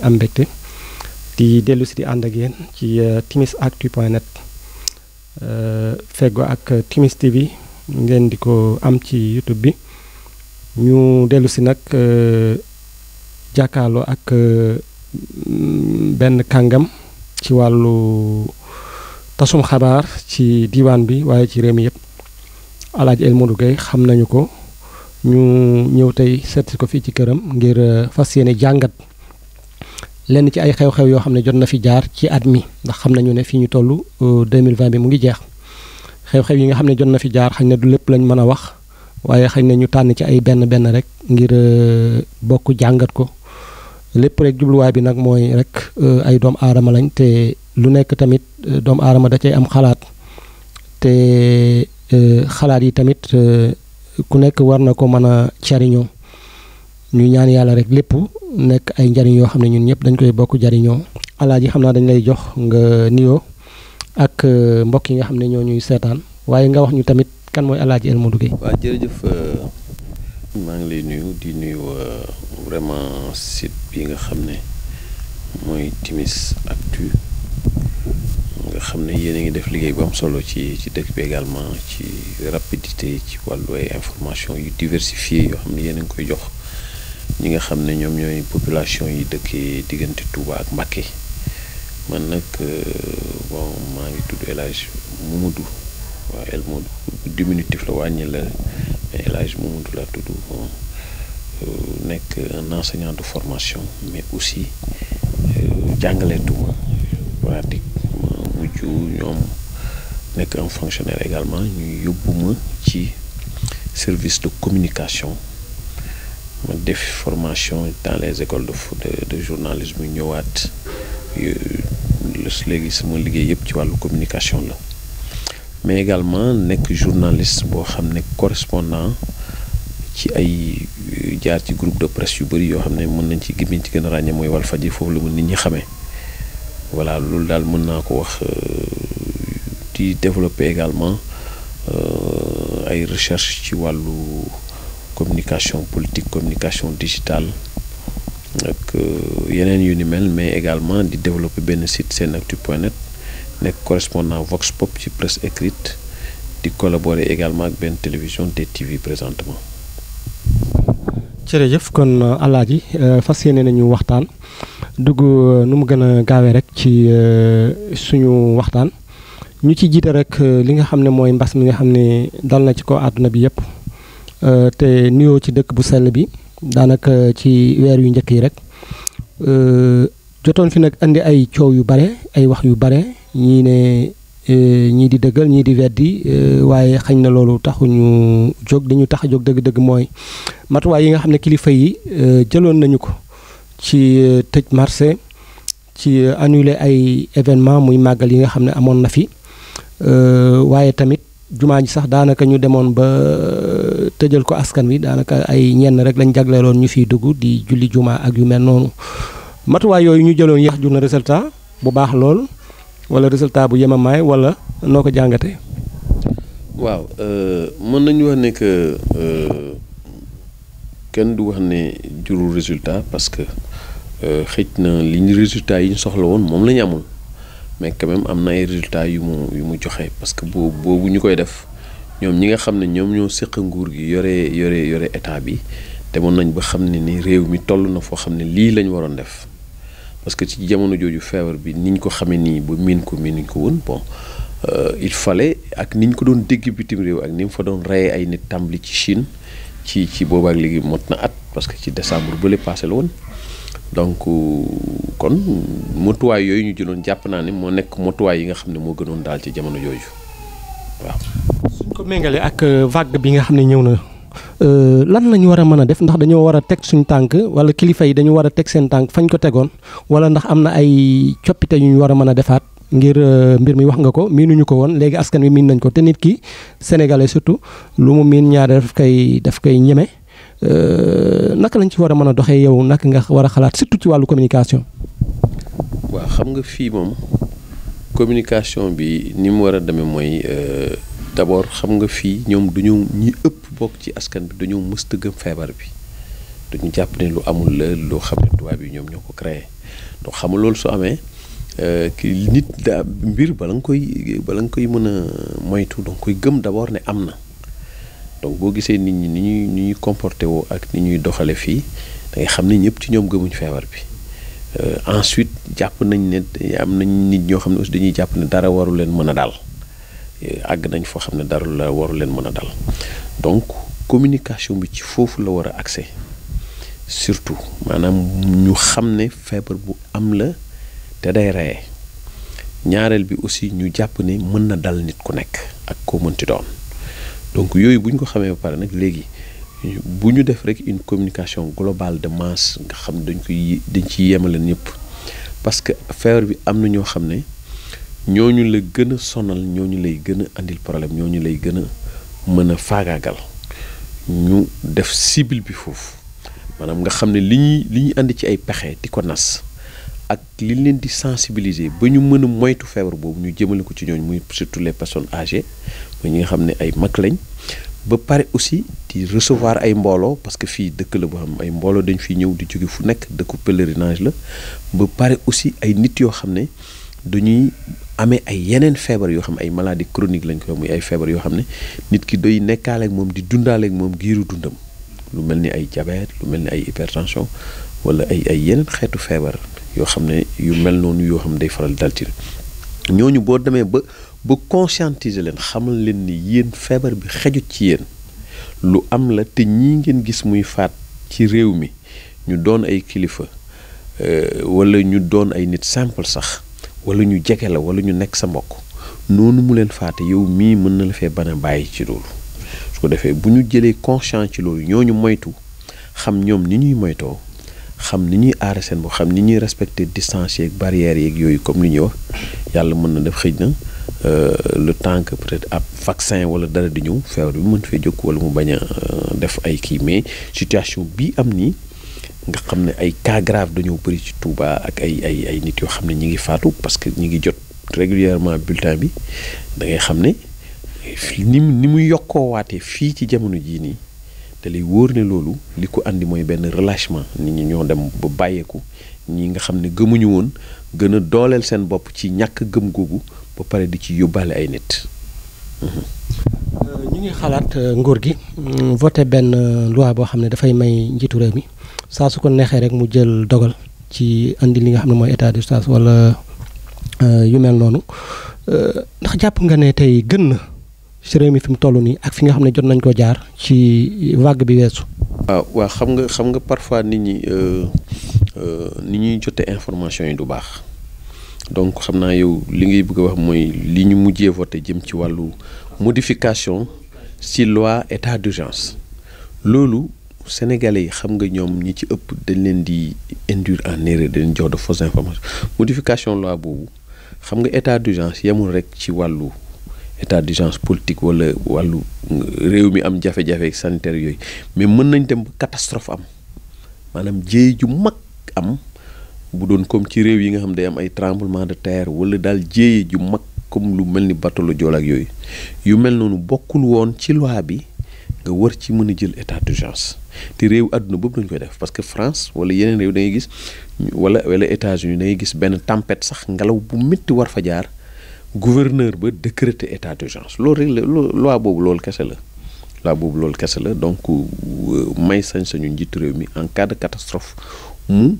ci am mbégte di dellu si di ànd ak yéen ci euh, timisactu.net euh, feggo ak Timis TV ngeen di ko am ci YouTube bi ñu dellusi nag euh, jàkkaarloo ak benn kàngam ci wàllu tasum xabaar ci diiwaan bi waaye ci réew mi yëpp Alaaji El Modou xam nañu ko ñu ñëw tey seet ko fii ci këram ngir fas yéene jàngat lenn ci ay xew-xew yoo xam ne jot na fi jaar ci at mi ndax xam nañu ne fii ñu toll 2020 euh, bi mu ngi jeex xew-xew yi nga xam ne jot na fi jaar xañ na du lépp lañ mën a wax waaye xañ na ñu tànn ci ay benn benn rek ngir euh, bokk jàngat ko lépp rek jubluwaay bi nag mooy rek euh, ay doomu aadama lañ te lu nekk tamit doomu aadama da cay am xalaat te xalaat yi tamit ku nekk war na ko mën a cariñoo ñu ñaan yàlla rek lépp nekk ay njariñ yoo xam ne ñun ñëpp dañ koy bokk jariñoo ji xam naa dañ lay jox nga nuyoo ak euh, mbokk yi nga xam ne ñoo ñuy seetaan waaye nga wax ñu tamit kan mooy alaaji El Modou Gueye jërëjëf euh, maa ngi lay nuyu di nuyu euh, vraiment site bi nga xam ne mooy Timis Actu xam ne yéen a ngi def liggéey bu am solo ci ci dëkk bi également ci rapidité ci wàllu ay information yu diversifié yoo xam ne yéen a koy jox ñi nga xamné ñom ñoy population yi dëkkee diggante Touba ak Mbacké man nak euh, bon maa ngi tudd El Hadj Momadou waaw El Momadou diminutif la wañi la mais El Hadj Momadou bon euh, nekk un enseignant de formation mais aussi euh, tout pratique ma mujj ñoom nekk un fonctionnaire également ñu yobuma ci service de communication ma def formation dans les écoles de de, de journalisme yu ñëwaat le sama liggéey yépp ci walu communication la mais également nek journaliste bo xamné correspondant ci ay jaar ci groupe de presse yu bari yo xamné mën nañ ci gimiñ ci gën rañé moy wal Walfadjri foofu lu nit ñi xamé voilà loolu dal mën naa ko wax euh, di développer également euh, ay recherche ci walu communication politique communication digitale ak euh, yeneen a ni email, mais également de développer benn site senactu.net, point net correspondant Vox Pop ci presse écrite de collaborer également ak une télévision TV présentement. jërëjëf kon euh, alaaji euh, fas yéene nañu waxtaan dugg nu mu gën a gaawee rek ci suñu waxtaan ñu ci jiite rek li nga xam ne mooy mbas mi nga xam ne dal na ci ko àdduna bi yépp Euh, te nuyoo ci dëkk bu sell bi daanaka ci weer yu njëkk yi rek euh, jotoon fi nag indi ay coow yu bare ay wax yu bare ñii ne euh, ñii di dëggal ñii di weddi waaye xañ na loolu taxuñu jóg dañu tax jóg dëgg-dëgg mooy matuwaay yi nga xam ne kilifa yi jëloon nañu ko ci tëj marché ci annule ay événement muy màggal yi nga xam ne amoon na fi waaye tamit jumaa ji sax daanaka ñu demoon ba tëjal ko askan wi daanaka ay ñenn rek lañ jagleeloon ñu fi dugg di julli jumaa ak yu mel noonu matuwaay yooyu ñu jëloon yéex jur na résultat bu baax lool wala résultat bu yemamaay wala noo ko jàngatee. waaw euh, mën nañu wax ne que euh, kenn du wax ne jurul résultat parce que euh, xëj na li ñu résultat yi ñu soxla woon moom lañu amul mais quand am na ay résultats yu mu yu mu joxe parce que boobu boobu ñu koy def. ñoom ñi nga xam ne ñoom ñoo séq nguur gi yore yore yore état bi demoon nañ ba xam ne ni réew mi toll na foo xam ne lii lañu waroon def parce que ci jamono jooju feebar bi niñ ko xamee nii ba miin ko miinuñ ko woon bon euh, il fallait ak niñ ko doon dégg bitim réew ak ni mu fa doon reyee ay nit tàmbali ci Chine ci ci boobaak léegi mot na at parce que ci décembre bële passé la woon donc euh, kon motuwaay yooyu ñu jëloon jàpp naa ne moo nekk motuwaay yi nga xam ne moo gënoon daal ci jamono jooju. waaw. suñ ko méngalee ak euh, vague bi nga xam ne ñëw na euh, lan la ñu war a mën a def ndax dañoo war a teg suñu tànk wala kilifa yi dañu war a teg seen tànk fañ ko tegoon wala ndax am na ay coppite yu ñu war a mën a defaat ngir euh, mbir mi wax nga ko miinuñu ko woon léegi askan wi miin nañ ko te nit ki sénégalais surtout lu mu miin ñaar daf koy daf koy ñeme naka lañ ci war a mën a doxee yow naka nga war a xalaat surtout ci wàllu communication. waaw nga fii moom. communication bi ni mu war a demee mooy euh, d'abord xam nga fii ñoom duñu ñi ëpp bokk ci askan bi dañoo mësta gëm feebar bi dañu jàpp ne lu amul la loo xam ne tubaab yi ñoom ñoo ko créé donc xam nga loolu su amee euh, ki nit mbir bala nga koy bala nga koy mën a moytu danga koy gëm d'abord ne am na donc boo gisee nit ñi ni ñuy ni ñuy comporté woo ak ni ñuy doxale fii da xam ne ñëpp ci ñoom gëmuñu feebar bi Euh, ensuite jàpp nañ ne am nañ nit ñoo xam ne aussi dañuy jàpp ne dara waru leen mën a daal euh, àgg nañ foo xam ne dara la waru leen mën a daal donc communication bi ci foofu la war a accès surtout maanaam ñu xam ne feebar bu am la te day reye ñaareel bi aussi ñu jàpp ne mën na dal nit ku nekk ak koo mënti doon donc yooyu bu ñu ko xamee ba pare nag léegi. bu ñu def rek une communication globale de masse nga xam dañ koy dañ ciy yemale ñëpp parce que feebar bi am na ñoo xam ne ñooñu la gën a sonal ñooñu lay gën a andil problème ñooñu lay gën a mën a faagaagal ñu def cible bi foofu maanaam nga xam ne li ñuy li ñuy andi ci ay pexe di ko nas ak li leen di sensibiliser ba ñu mën a moytu feebar boobu ñu jëmale ko ci ñooñu muy surtout les personnes âgées mooy ñi nga xam ne ay mag lañ. ba parle aussi di recevoir ay mbooloo parce que fii dëkk la boo xam ay mbooloo dañ fiy ñëw di fu pèlerinage la ba pare aussi ay nit yoo xam ne dañuy amee ay yeneen feebar yoo xam ay maladie chronique lañ koy muy ay ne nit ki doy nekkaale ak moom di ak giiru dundam lu ay diabète lu mel ay hypertension wala ay ay yu mel day faral ñooñu boo demee ba ba conscientiser leen xamal leen ni yéen feebar bi xejut ci yéen lu am la te ñi ngeen gis muy faat ci réew mi ñu doon ay kilifa euh, wala ñu doon ay nit simple sax wala ñu jege la wala ñu nekk sa mbokk noonu mu leen faate yow mii mën na la fee ban bàyyi ci loolu su ko defee bu ñu jëlee conscience ci loolu ñooñu moytu xam ñoom ni ñuy moytoo xam ni ñuy aare seen bopp xam ni ñuy respecter distance yeeg yeeg yooyu comme li ñuy wax yàlla mën na def xëj na euh, le temps que peut-être ab vaccin wala dara di ñëw feebar bi mën fee jóg wala mu bañ euh, def ay kii mais situation bii am ni nga xam ne ay cas grave dañoo bëri ci Touba ak ay ay ay nit yoo xam ne ñi ngi faatu parce que ñi ngi jot régulièrement bulletin bi da ngay xam ne ni ni mu yokkoowaatee fii ci jamono jii nii. te li wóor ne loolu li ko andi mooy benn relâchement nit ñi ñoo dem ba bàyyeeku ñii nga xam ne gëmuñu woon gën a dooleel seen bopp ci ñàkk gëm googu ba pare di ci yóbbaale ay nit. Mhm. Euh, ñu ngi xalaat euh, nguur gi mm, voté benn euh, loi boo xam ne dafay may njiitu réew mi saa su ko neexee rek mu jël dogal ci andi li nga xam ne mooy état d'urgence walla yu mel noonu ndax jàpp nga ne tey gën na. si réew mi fi mu toll nii ak fi nga xam ne jot nañ ko jaar ci vague bi weesu. waaw ah, waaw xam nga xam nga parfois nit ñi euh, euh, nit ñi jote information yi du baax donc xam naa yow li ngay bëgg a wax mooy li ñu mujjee voté jëm ci wàllu modification si loi état d'urgence loolu sénégalais yi xam nga ñoom ñi ci ëpp dañ leen di induire en erreur dañ jox de fausses information modification loi boobu xam nga état d'urgence yemul rek ci wàllu. état d'urgence politique wala wàllu réew mi am jafe-jafe sanitaire yooyu mais mën nañ dem catastrophe am maanaam jéey ju mag am bu doon comme ci réew yi nga xam day am ay tremblement de terre wala daal jéey ju mag comme lu mel ni bateau Joola ak yooyu yu mel noonu bokkul woon ci loi bi nga war ci mën a jël état d'urgence te réew àdduna boobu dañ koy def parce que France wala yeneen réew da gis wala wala États-Unis da gis benn tempête sax ngelaw métti war fa jaar gouverneur ba décréter état d'urgence loolu rek la loi boobu loolu kese la loi boobu loolu kese la donc euh, may sañ sañu njiitu réew mi en cas de catastrophe mu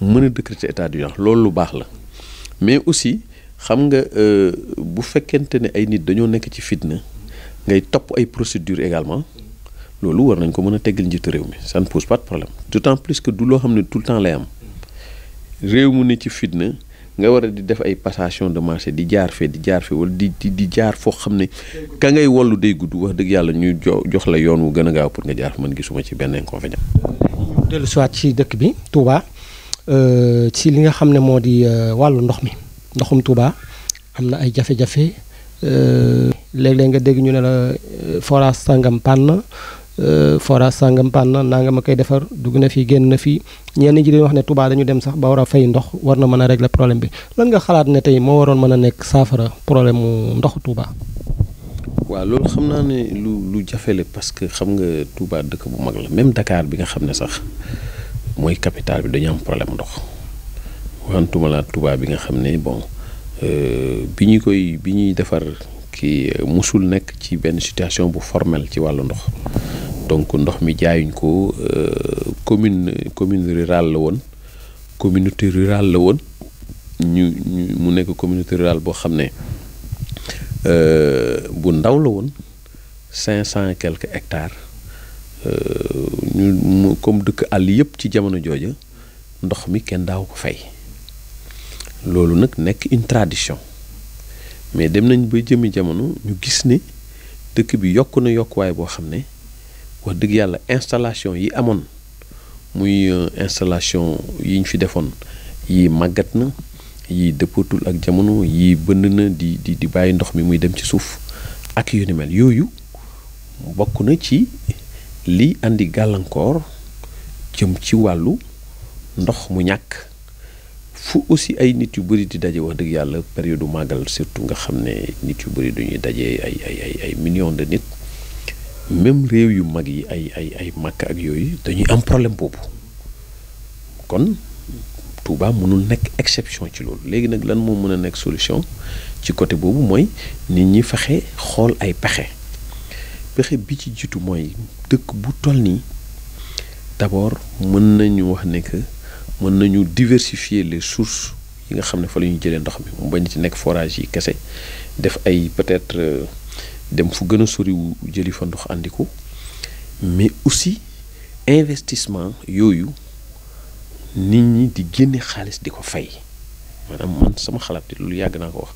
mën a décréter état d'urgence loolu lu baax la mais aussi xam nga euh, bu fekkente ne ay nit dañoo nekk ci fitna ngay topp ay procédures également loolu war nañ ko mën a teggal njiitu réew mi ça ne pose pas de problème temps plus que du loo xam ne tout le temps lay am réew mu ne ci fitna. nga war a di def ay passation de marché di jaar fee di jaar fee wala di di jaar foo xam ne ka ngay wollu day gudd wax dëgg yàlla ñu jo jox la yoon wu gën a gaaw pour nga jaar man gisuma ci benn inconvénient. dellu soit ci dëkk bi Touba euh, ci li nga xam ne moo di euh, wàllu ndox mi ndoxum Touba am na ay jafe-jafe euh, léeg-léeg nga dégg ñu ne la forage sangam panne. Euh, forage sàngam paan na naa nga ma koy defar dugg na fii génn na fii ñenn ji dañu wax ne tubaa dañu dem sax ba war a fay ndox war na mën a régler problème bi lan nga xalaat ne tey moo waroon mën a nekk saafara problème mu ndoxu waaw loolu xam naa ne lu lu jafe parce que xam nga Touba dëkk bu mag la même Dakar bi nga xam ne sax mooy capitale bi dañu am problème ndox waxantuma laa Touba bi nga xam ne bon euh, bi ñu koy bi ñuy defar ki musul nekk ci benn situation bu formel ci wàllu ndox. donc ndox mi jaayuñ ko euh, commune commune rurale la woon communauté rural la woon ñu ñu mu nekk communauté rurale boo xam ne euh, bu ndaw la woon cinq cent et quelques hectares euh, ñu comme dëkk àll yëpp ci jamono jooja ndox mi kenn daaw ko fay loolu nag nekk une tradition mais dem nañ ba jëmmi jamono ñu gis ne dëkk bi yokk na yokkuwaay boo xam ne wax dëgg yàlla installation yi amoon muy euh, installation yiñ fi defoon yi màggat na yi dëppatul ak jamono yi bënd na di di di bàyyi ndox mi muy dem ci suuf ak yu mel yooyu bokk na ci li indi gàllankoor jëm ci wàllu ndox mu ñàkk fu aussi ay nit yu bëri di daje wax dëgg yàlla période màggal surtout nga xam ne nit yu bëri duñuy daje ay ay ay millions de nit même réew yu mag yi ay ay ay màkk ak yooyu dañuy am problème boobu kon Touba mënul nekk exception ci loolu léegi nag lan moo mën a nekk solution ci côté boobu mooy nit ñi fexe xool ay pexe pexe bi ci jitu mooy dëkk bu toll nii d'abord mën nañu wax ne que mën nañu diversifier les sources yi nga xam ne fa la ñuy jëlee ndox mi mu bañ ci nekk forage yi kese def ay peut-être. Euh, dem fu gën a soriwu jëli fa ndox andi mais aussi investissement yooyu nit ñi di génne xaalis di ko fay maanaam man sama xalaat te loolu yàgg naa ko wax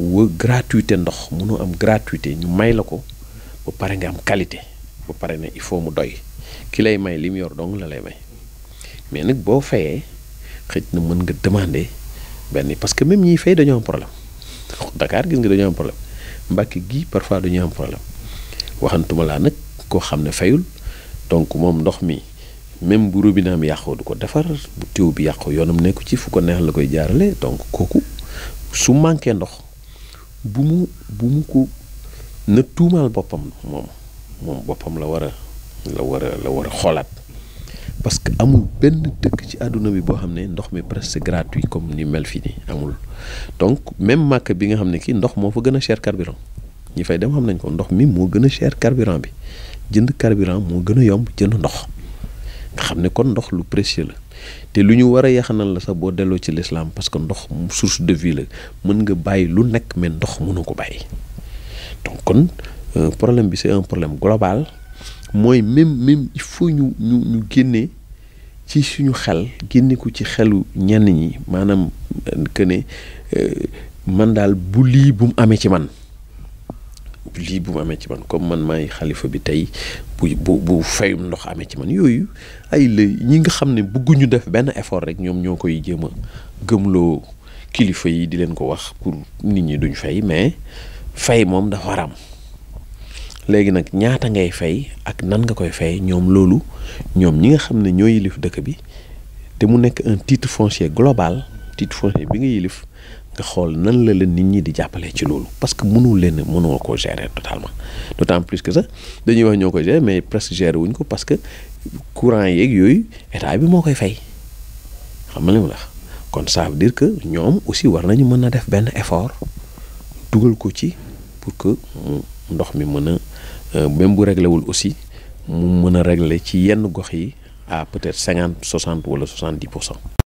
wa gratuité ndox mënoo am gratuité ñu may la ko ba pare nga am qualité ba pare ne il faut mu doy ki lay may li mu yor dong la lay may mais nag boo fayee xëj na mën nga demander benn parce que même ñiy fay dañoo am problème dakaar gis nga dañoo am problème. mbàkk gi parfois ñu am problème waxantuma laa nag koo xam ne fayul donc moom ndox mi même bu robinet am yàqoo du ko defar bu tiw bi yàqoo yoonam nekku ci fu ko neex la koy jaarale donc kooku su manqué ndox bu mu bu mu ko na tuumaal boppam moom moom boppam la war a la war a la war a xoolaat parce que amul benn dëkk ci àdduna bi bo xamné ndox mi presque gratuit comme ni mel fini amul donc même màkk bi nga xamné ki ndox mo fa gëna cher carburant ñi fay dem xam nañ ko ndox mi mo gëna cher carburant bi jënd carburant mo gëna a yomb jënd ndox nga xamné ne kon ndox lu précieux la té lu ñu war la sa bo delloo ci l'islam parce que ndox source de vie la mën nga bàyyi lu nek mais ndox mënu ko bàyyi donc kon euh, problème bi c'est un problème global mooy même même il ñu ñu génne ci suñu xel génne ko ci xelu ñenn ñi maanaam euh, que ne euh, man daal bu lii bum amee ci man lii bu amee ci man comme man may xalifa bi tey bu bu bu fayum ndox amee ci man yooyu ay la ñi nga xam ne bëgguñu def benn effort rek ñoom ñoo koy jéem a gëmloo kilifa yi di leen ko wax pour nit ñi duñ fay mais fay moom dafa war léegi nag ñaata ngay fay ak nan nga koy fay ñoom loolu ñoom ñi nga xam ne ñoo yilif dëkk bi te mu nekk un titre foncier global titre foncier bi nga yilif nga xool nan la leen nit ñi di jàppale ci loolu parce que mënul leen mënoo ko gérer totalement d'autant plus que sax dañuy wax ñoo ko gérer mais presque gérer wuñ ko parce que courant yeeg yooyu état bi moo koy fay xam nga li mu wax kon ça veut dire que ñoom aussi war nañu mën a def benn effort dugal ko ci pour que ndox mi mën a Euh, même bu réglé wul aussi mu mën a réglé ci yenn gox yi à peut-être cinquante soixante wala soixante-dix pour cent.